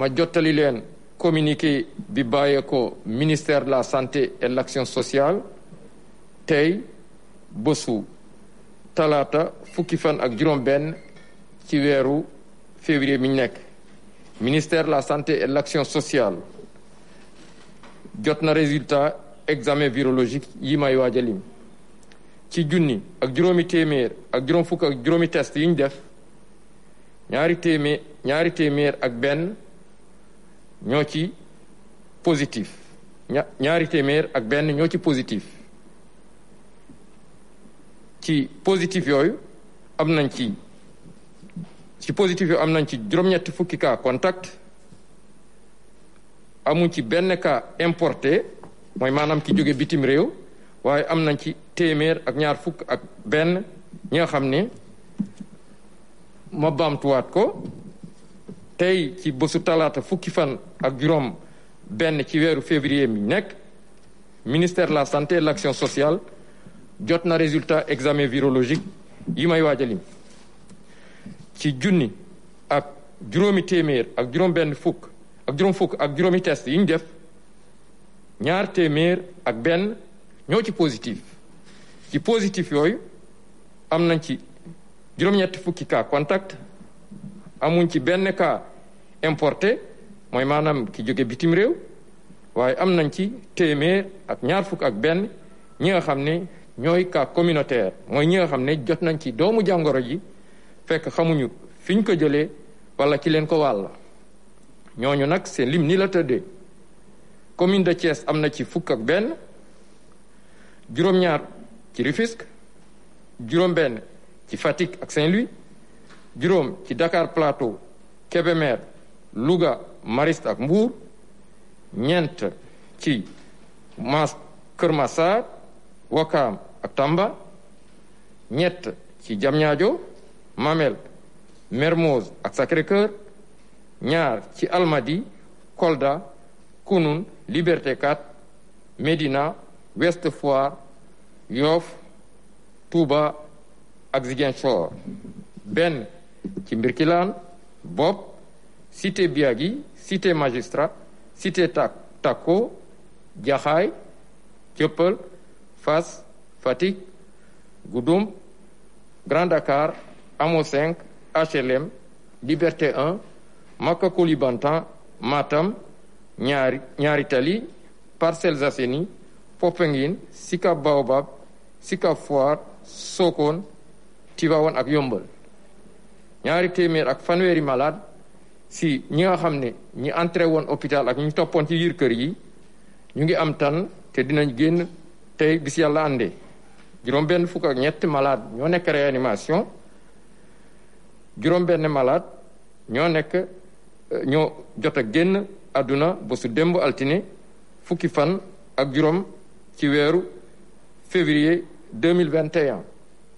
ma jottali leen communiqué bi bàyyee ministère de la santé et l'action sociale tey bésu talaata fukki fan ak juróom-benn ci weeru février mi ñu nekk ministère la santé et de l'action sociale jot na résultat examen birologique yi may waaj a lim ci junni ak juróomi téeméer ak juróom fukk ak juróomi test yi ñu def ñaari ñaari téeméer ak benn ñoo ci positif ña ñaari téeméer ak benn ñoo ci positif ci positif yooyu am nañ ci ci positif yooyu am nañ ci juróom-ñetti fukki cas contact amuñ ci benn ka importé mooy maanaam ki jóge bitim réew waaye am nañ ci téeméer ak ñaar fukk ak benn ñi nga xam ne ma baamtuwaat ko tey ci bésu talaata fukki fan ak juróom benn ci weeru février mi nekk ministère de la santé et l'action sociale jot na résultat examen virologique yi may waaj ci junni ak juróomi téeméer ak juróom benn fukk ak juróom fukk ak juróomi test yi def ñaar téeméer ak benn ñoo ci positif ci positif yooyu am nañ ci juróom-ñetti fukki cas contact amuñ ci benn kaa importé mooy maanaam ki jóge bitim réew waaye am nañ ci téeméer ak ñaar fukk ak benn ñi nga xam ni ñooy cas communautaire mooy ñi nga xam ne jot nañ ci doomu jàngoro ji fekk xamuñu fiñ ko jëlee wala ci leen ko wàll ñooñu nag seen lim ni la tëdde commune de Thiès am na ci fukk ak benn juróom-ñaar ci Rufisque juróom-benn ci Fatick ak Saint-Louis juróom ci Dakar Plateau Kébémer Louga Mariste ak Mbour ñeent ci Mas Kër Massar ak Tamba ñett ci Diamniadio Mamel Mermoz ak sacré ñaar ci Almadi Kolda Kounoune Liberté 4 Médina Ouest Foire Yoff Touba ak Ziguinchor benn ci Mbirkilaan Bopp cité Biagi cité Magistrat cité tak Takko Jaxaay Jëppal Fass Fatick Goudomp Grand Dakar Hamo HLM Liberté 1 Makka Koulibantang Matam ñaari tali Parcelles Assainies Popenguine Sicap Baobab Sicap Foire Sokone Tivaouane ak Yombal ñaari téeméer ak fanweeri malade si ñi nga xam ni ñi entrée woon hôpital ak ñu toppoon ci biir kër yi ñu ngi am tan te dinañ génn tey bis yàlla àndee juróom-benn fukk ñett malade ñoo nekk réanimation juróom-benn malade ñoo nekk euh, ñoo jot a adduna àdduna bésu démb altine fukki fan ak juróom ci weeru février 2021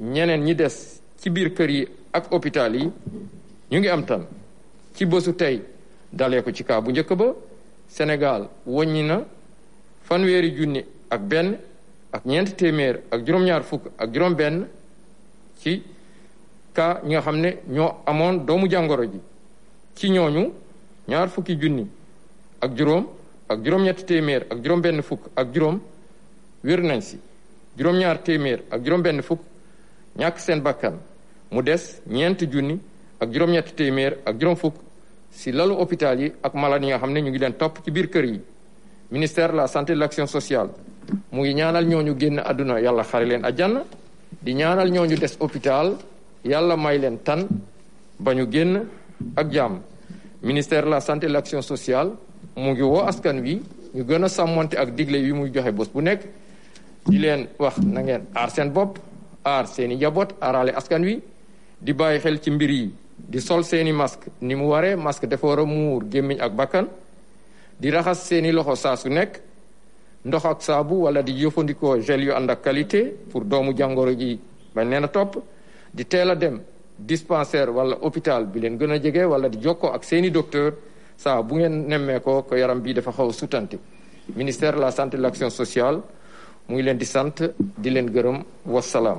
ñeneen ñi des ci biir kër yi ak hôpital yi ñu ngi am tan ci bésu tey daleko ci kaa bu njëkk ba senegal wàññi na fanweeri junni ak benn ak ñeent téeméer ak juróom-ñaar fukk ak juróom-benn ci kaa nga xam ne ñoo amoon doomu jàngoro ji ci ñooñu ñaar fukki ak juróom ak juróom ak juróom wér nañ si juróom-ñaar téeméer ñàkk seen bakkan mu des ñeenti junni ak juróom-ñetti téeméer ak juróom fukk si lalu hôpital yi ak malade yi xam ne ñu ngi leen topp ci biir kër yi ministère la santé de l'action sociale mu ngi ñaanal ñu génn àdduna yàlla xare leen a àjjana di ñaanal ñu des hôpital yàlla may leen tan ba ñu génn ak jàmm ministère la santé de l'action sociale mu ngi woo askan wi ñu gën a sàmmonte ak digle yi muy joxe bés bu nekk di leen wax na ngeen aar seen bopp aar seen i njaboot aarale askan wi di bàyyi xel ci mbir yi di sol seeni masque ni mu waree masque dafa war a muur gémmiñ ak bakkan di raxas seeni loxo saa su nekk ndox ak saabu wala di jëfandikoo gel yu ànd ak qualité pour doomu jàngoro ji bañ leen a topp di teel a dem dispensaire wala hôpital bi leen gën a jege wala di jokkoo ak seeni docteur saa bu ngeen nemmee ko yaram bii dafa xaw a sutante ministère la santé de l'action sociale muy leen di sant di leen gërëm wasalaam